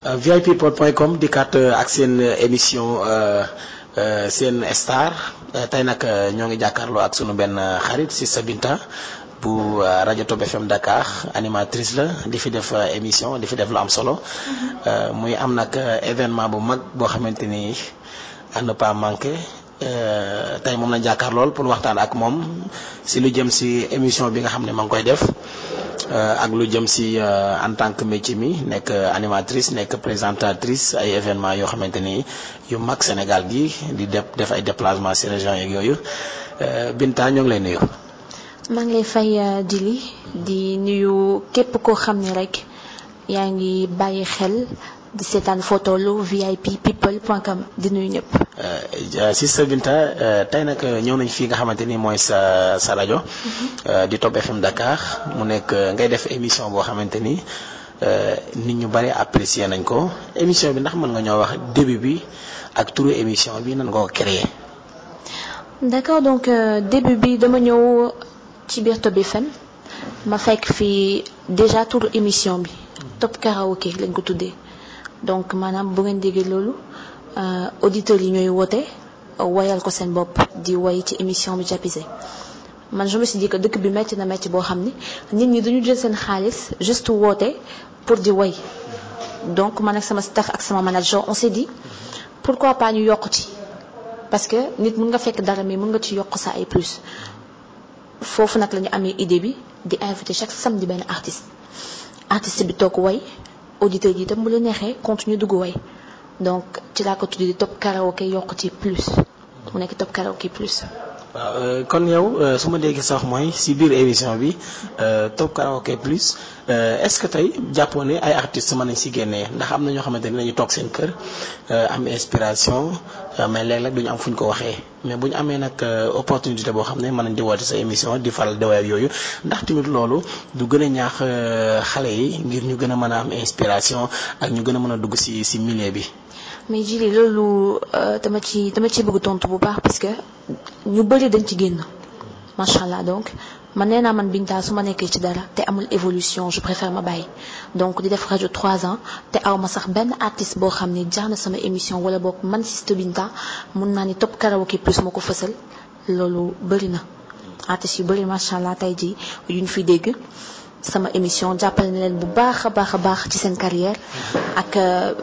Euh, VIP Pod point com dikkaat euh, ak seen euh, émission seen star tey nag ñoo ngi jàkkaarloo ak sunu benn xarit si sa binta bu rajo Top FM Dakar animatrice la di fi def émission di fi def lu am solo mm-hmm. muy am nag événement bu mag boo xamante ni à ne pas manquer tey moom na jàkkaarlool pour waxtaan ak moom si lu jëm si émission bi nga xam ne ma ngi koy def. euh, ak lu jëm si euh, en tant que métier mi nekk uh, animatrice nekk uh, présentatrice ay événement yoo xamante yu mag sénégal gi di def def ay déplacement si région yeeg yooyu euh, binta ñoo ngi lay nuyu maa ngi lay fay uh, dili di nuyu képp koo xam ne rek yaa ngi bàyyi xel di setan photo lu vip people.com di nuyu ñëpp Euh, Sister Binta euh, tey nag euh, ñëw nañ fi nga xamanteni moy sa sa rajo mhm. di Top FM Dakar mu nekk ngay def émission bo xamanteni ni nit ñu bari apprécier nañ ko émission bi ndax mën nga ñoo wax début bi ak turu émission bi nan nga ko créer d'accord donc début bi dama ñëw ci biir Top FM ma fekk fi déjà turu émission bi mhm. Top Karaoké lañ ko tuddee donc maanaam bu ngeen déggee loolu euh, auditeurs ligne ñooy woote euh, wayal ko Bob, bopp di way ci émission bi Diapisé man je me suis dit que dëkk bi metti na metti bo xam ni nit ñi duñu jël seen xaalis juste woote pour di way donc man ak sama staff ak sama manager on s'est dit pourquoi pas ñu York ci parce que nit mun nga fekk dara mais mun nga ci yokk sa ay plus foofu nag la ñu idée bi di invité chaque samedi ben artiste artiste bi toog way auditeurs dit, on bu la neexee continue dugg way donc ci laa ko tuddee top karaoke yokk ci plus mu nekk top karaoke plus. waaw euh, kon yow euh, su ma déggee sax mooy si biir émission bi euh, top karaoke plus est-ce que tey jàppoo ne ay artistes mën nañ si ndax am na ñoo xamante ne dañu toog seen kër am inspiration mais léeg-léeg duñu am fu ñu ko waxee. mais bu ñu amee nag euh, opportunité boo xam ne mën nañ di woote sa émission di faral di yooyu ndax tamit loolu du gën a ñaax euh, xale yi ngir ñu gën a mën a am inspiration ak ñu gën a mën a dugg si si milieu bi. mais jili loolu euh, dama ci dama ci bëgg tontu bu baax parce que ñu bëri dañ ci génn macha allah donc. man nee man Binta suma ma ci dara té amul évolution je préfère ma baye donc di def rajo 3 ans té awma sax ben artiste bo xamné ne sama émission wala bok man Siste Binta mën na ni top karaoke plus ma ko lolu bari na artiste yu bari macha allah tey yuñ fi dégg sama émission jappal na leen bu baax a baax ci sen carrière ak. Euh,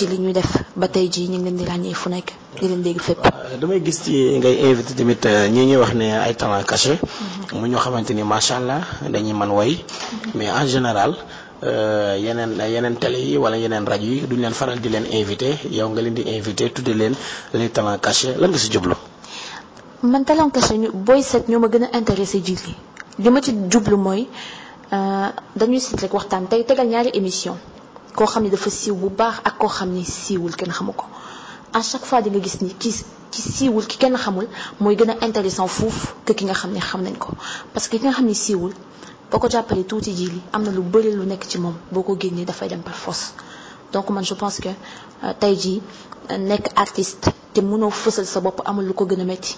ci li ñuy def ba tey jii ñu ngi leen di ràññee fu nekk di leen dégg fépp. Euh, damay gis ci ngay invité tamit euh, ñi ñuy wax ne ay talent caché. Mhm. mu ñoo xamante ni macha allah dañuy man woy mhm. mais en général. Euh, yeneen yeneen télé yi wala yeneen rajo yi duñ leen faral di leen invité yow nga leen di invité tudde leen les talents cachés lan nga si jublu. man talent caché booy seet ñoo ma gën a intéressé ji li ma ci jublu mooy dañuy seet rek waxtaan tey tegal ñaari émission koo xam dafa siiw bu baax ak koo xam ne siiwul kenn xamu à chaque fois di nga gis ni ki ki siiwul ki kenn xamul mooy gën a intéressant foofu que ki nga xam ne xam nañ ko parce que ki nga xam ne siiwul boo ko jàppalee tuuti ji li am na lu bëri lu nekk ci moom boo ko génnee dafay dem par force donc man je pense que euh, tey jii euh, nekk artiste te mënoo fësal sa bopp amul lu ko gën a métti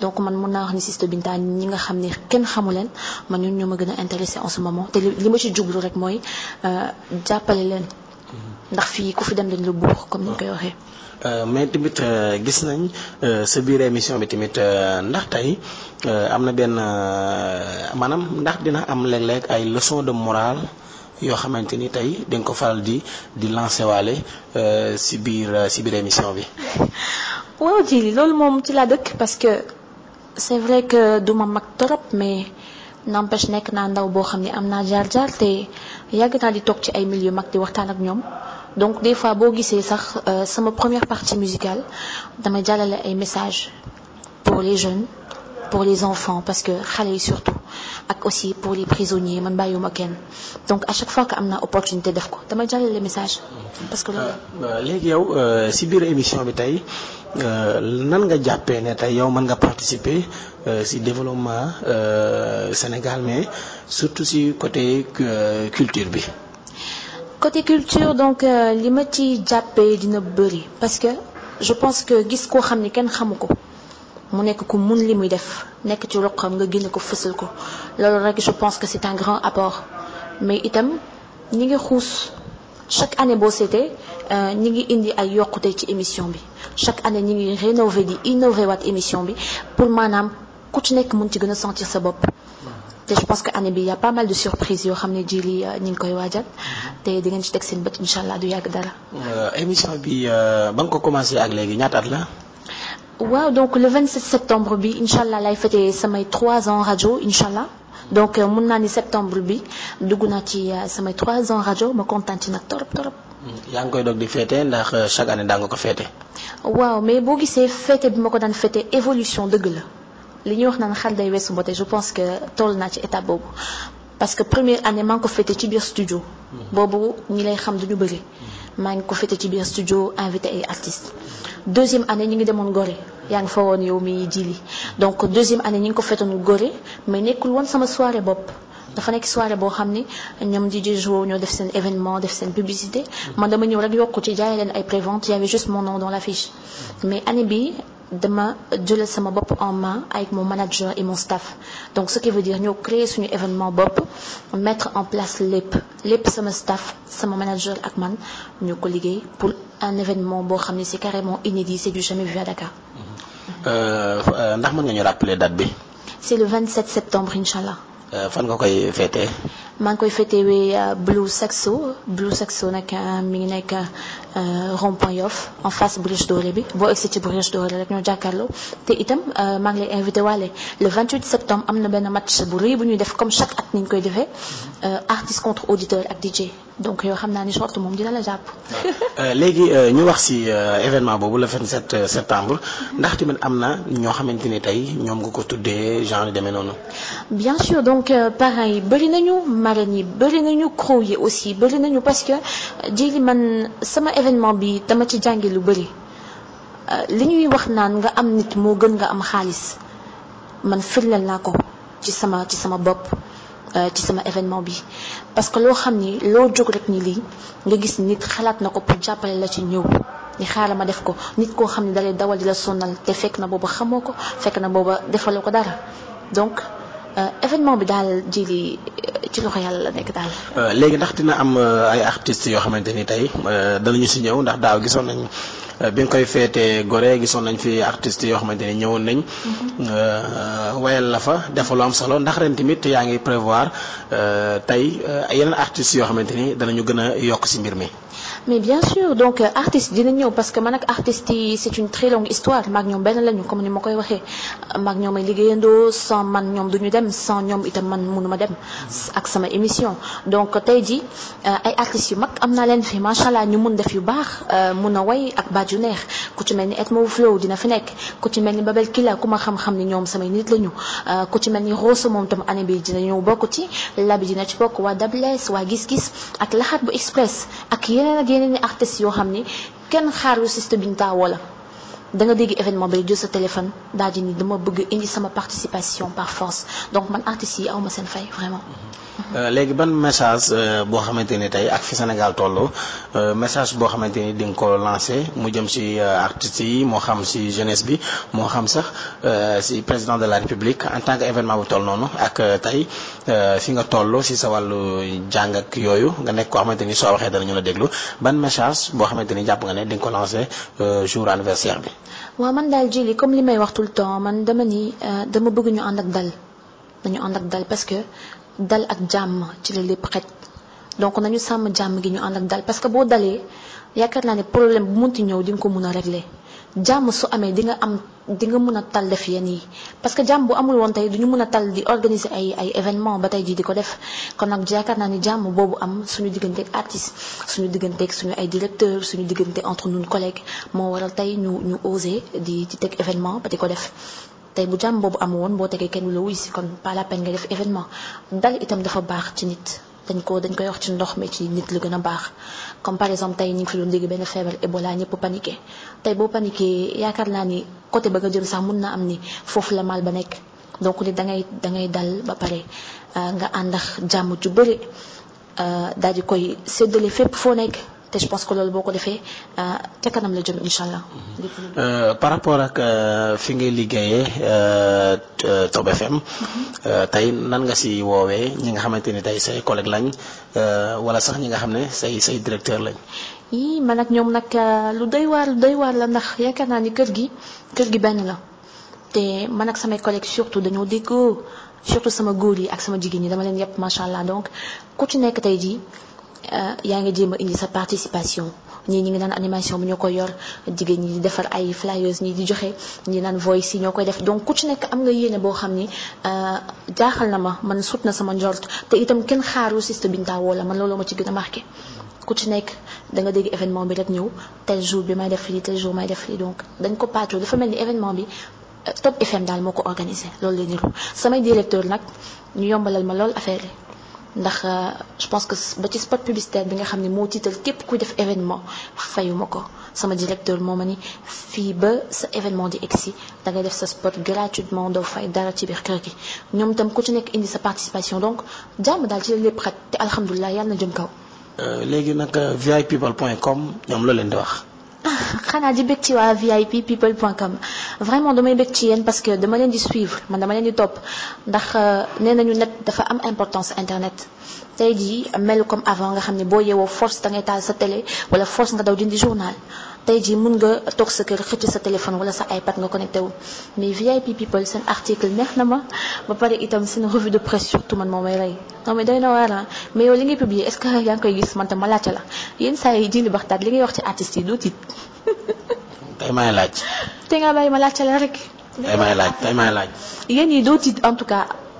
donc man mun naa wax ni Sista Binta ñi nga xam ne kenn xamu leen man ñun ñoo ma gën a intéressé en ce moment te li ma ci jublu rek mooy euh, jàppale leen. Mhm. ndax fii ku fi dem dañ la buux comme ni ñu koy ah. waxee. Euh, mais tamit euh, gis nañ sa biir émission bi tamit ndax tey am na benn maanaam ndax dina am léeg-léeg ay leçon de morale yoo xamante ni tey di ko faral di di lancer waale si biir si biir émission bi. waaw ji loolu moom ci laa dëkk parce que c'est vrai que duma mag trop mais n'empêche nek na ndaw bo xamni amna jar jar té jaar te yàgg di toog ci ay milieu mag di waxtan ak ñom donc des fois bo gissé sax euh, sama première partie musicale dama jàllale ay messages pour les jeunes pour les enfants parce que xale surtout ak aussi pour les prisonniers man bàyyiwuma ken. donc à chaque fois que amna opportunité def ko dama jàllale message parce que loolu ah, bah, léegi yow ci euh, biir émission bi tay euh, nan nga jappé né tay yow man nga participer euh, si développement euh, Sénégal mais surtout si côté culture bi. côté culture donc li ma ci jappé dina bëri parce que je pense que gis ko xamni ken xamuko mu nek ko mun limuy def nek ci roqam nga génn ko fessel ko loolu rek je pense que c'est un grand apport mais itam ñi nga xuus chaque année bo seetee euh, ñi ngi indi ay yokkute ci émission bi chaque année ñi ngi rénover di innover wat émission bi pour manam ku ci nek mun ci gëna sentir sa bop té je pense que année bi y' a pas mal de surprises yo xamné jili euh, ñi ngi koy wajjat te di ngeen ci tek seen bët inshallah du yag dara. Euh, émission bi ba nga ko commencé ak légui ñaata at la. waaw donc le 27 septembre bi incha allah lay fëte samay 3 ans radio, incha donc mun ni septembre bi dugg naa ci samay 3 ans radio, ma kontaan ci nag torop torop. Il y a dog di fêtes, euh, chaque année Oui, mais boo c'est féete bi ko daan évolution de la li wax day je pense que le match ci étape parce que première année ko studio. Mm-hmm. Bobo ñi lay xam de mm-hmm. studio invité ay artistes deuxième année ñu ngi demoon Gorée yang fa yow donc deuxième année ñu ngi ko on mais nekkul soirée dafa nekk soirée boo xam ni ñoom di Joe ñoo def seen événement def seen publicité man dama ñëw rek yokku ci jaay ay prévente y avait juste mon nom dans l'affiche mais année bi dama jëlal sama bopp en main avec mon manager et mon staff donc ce qui veut dire ñoo créé suñu événement bopp mettre en place lépp lépp sama staff sama manager ak man ñu ko pour un événement boo xam c'est carrément inédit c'est du jamais vu à Dakar. Euh, euh, ndax mën nga ñu rappeler date bi. c'est le 27 septembre inchallah. Euh, fan nga koy féetee. maa ngi koy féetewee euh, Blue Saxo Blue Saxo nag euh, mi ngi nekk rond-point Yoff en face Brioche Dorée bi boo egsi ci Brioche ñoo jàkkaarloo te itam maa ngi lay invité waale le 28 septembre am na benn match bu rëy bu ñuy def comme chaque at ni ñu koy defee artiste contre auditeur ak DJ. donc yo euh, xamna ni sorte moom dina la euh légui euh, ñu wax ci euh, événement bobu le 27 septembre ndax timen amna na xamanteni tay ñom nga ko tuddé genre démé noonu. bien sûr donc pareil bari nañu marraines bari nañu crow aussi bari nañu parce que jii man sama événement bi dama ci jànge lu bari li ñuy wax naan nga am nit mo gën nga am xaliss man firleel naa ko ci sama ci sama bopp. Euh, ci sama événement bi parce que loo xam ni loo jóg rek ni lii nga gis nit xalaat na ko pour jàppale la ci ñëw ni xaaral ma def ko nit koo xam ne dalay dawal di la sonal te fekk na booba xamoo ko fekk na booba defaloo ko dara donc euh, événement bi daal ji li euh, ci loxo yàlla la nekk daal. léegi ndax dina am ay artistes yoo xamante ni tey danañu si ñëw ndax daaw gisoon nañu. Euh, bi nga koy feetee gore gisoon nañ fi artistes yoo xamante ni ñëwoon nañ. Mm-hmm. wayal la fa def am solo ndax ren tamit yaa ngi prévoir euh, tey euh, yeneen artistes yoo xamante ni danañu gën a yokk si mbir mi. mais bien sûr donc euh, artiste dina ñëw parce que man ak c'est une très longue histoire maag ben benn lañu comme ni ma koy waxee maag ñoom sans man ñoom duñu dem sans ñoom itam man mënuma dem ak sama émission donc tey ji euh, ay artistes yu mag am naa fi macha allah ñu mun def yu baax euh, way ak baat yu neex ku ci Flow dina fi nekk ku ci Babel Kila kuma ma xam-xam ni ñoom samay nit lañu ku ci mel ni Rosso année bi dina ñëw bokk ci labi dina ci bokk waa Dables wa gis ak lahat express ak yeneen yeneen i artistes yoo xam ni kenn xaarul système biñ ñu da nga dégg événement bay jël sa téléphone daal di ni dama bëgg indi sama participation par force donc man artiste yi awma sen fay vraiment mhm. Euh, léegi ban message euh, bo xamanteni tay ak fi Sénégal toll euh, message bo xamanteni ding ko lancer mu jëm ci artistes yi mo xam ci jeunesse bi mo xam sax ci président de la république en tant que événement bu toll noonu ak tay fi nga toll ci sa walu jang ak yoyu nga nek ko xamanteni so soo waxee danañu la déglu ban message bo xamanteni japp nga ne ding ko lancer jour anniversaire bi. wa man dal jili comme limay wax tout le temps man dama ni dama bëgg ñu and ak dal dañu and ak dal parce que dal ak jam, ci xej donc nañu gi ñu parce que bo dalé des problème bu di a régler Jam, su di am di nga tal def parce que jam, bu amul tal organiser ay ay événement ba def kon am suñu ak artiste suñu ak suñu ay directeur suñu entre collègues qui waral tay ñu ñu oser di ci événement tey bu jàmm boobu am woon boo tegee kenn du la wuy si kon pas la nga def événement dal itam dafa baax ci nit dañ ko dañ koy wax ci ndox mi ci nit lu gën a baax comme par exemple tey ñu fi doon dégg benn feebar Ebola ñëpp paniqué tey boo paniqué yaakaar naa ni côté ba nga jëm sax mun naa am ni foofu la mal ba nekk donc ni da ngay da ngay dal ba pare euh, nga àndax jàmm ju bëri euh, daal di koy séddale fépp foo nekk. te je pense que loolu boo ko defee euh, ca kanam la jëm incha allah. Euh, par rapport ak euh, fi ngay liggéeyee Top FM. Mhm. tey nan nga si woowee ñi nga xamante ni tey say collègue lañ wala sax ñi nga xam ne say say directeur lañ. yii man ak ñoom nag lu doy waar lu doy waar la ndax yaakaar naa ni kër gi kër gi benn la te man ak samay collègues surtout dañoo déggoo surtout sama góor yi ak sama jigéen ñi dama leen yëpp macha allah donc ku ci nekk tey jii. Euh, yaa ngi jéem indi sa participation ñi ñi ngi naan animation bu ñoo yor jigéen ñi di defar ay flyers ñi di joxe ñi naan voice yi def donc ku ci nekk am nga yéene bo xamni euh jaaxal na ma man sut na sama njort te itam kenn xaaru siste ta wala man loolu ma ci gëna marqué ku ci nekk da nga dégg événement bi rek ñew tel jour bi may def lii tel jour may def lii donc dañ ko pàccoo dafa mel ni événement bi euh, Top FM dal moko organiser loolu la niru samay directeur nak ñu yombalal ma lool affaire ndax euh, je pense que ba ci spot publicitaire bi nga xam ne moo tiital képp kuy def événement fayuma ko sama directeur moo ma ni fii ba sa événement di egsi da ngay def sa spot gratuitement doo fay dara ci biir kër gi ñoom itam ku ci nekk indi sa participation donc jàmm daal ci la lépp xaj te alhamdulilah yàlla na jëm kaw. Euh, léegi nag vipeoples point com ñoom loo leen di wax xanaa di bég ci waa vip people vraiment damay bég ci parce que dama leen di suivre man dama leen di topp ndax euh, nee nañu net dafa am importance internet tey jii melu comme avant nga xam ne boo yeewoo force da ngay taal sa télé wala force nga daw dindi journal tey jii mën nga toog sa kër xëcc sa téléphone wala sa iPad nga connecté mais VIP people seen article neex na ma ba pare itam seen revue de presse surtout man moo may rey non mais doy na waar ah. mais yow li ngay publier est yaa ngi koy gis man tam ma laajte la yenn saa yi jili baxtaat li ngay wax ci artistes yi doo tiit. tey may laaj. te nga bàyyi ma laajte la rek. tey may laaj tey may laaj. yéen yi doo tiit en tout cas.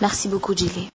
Merci beaucoup, Gilles.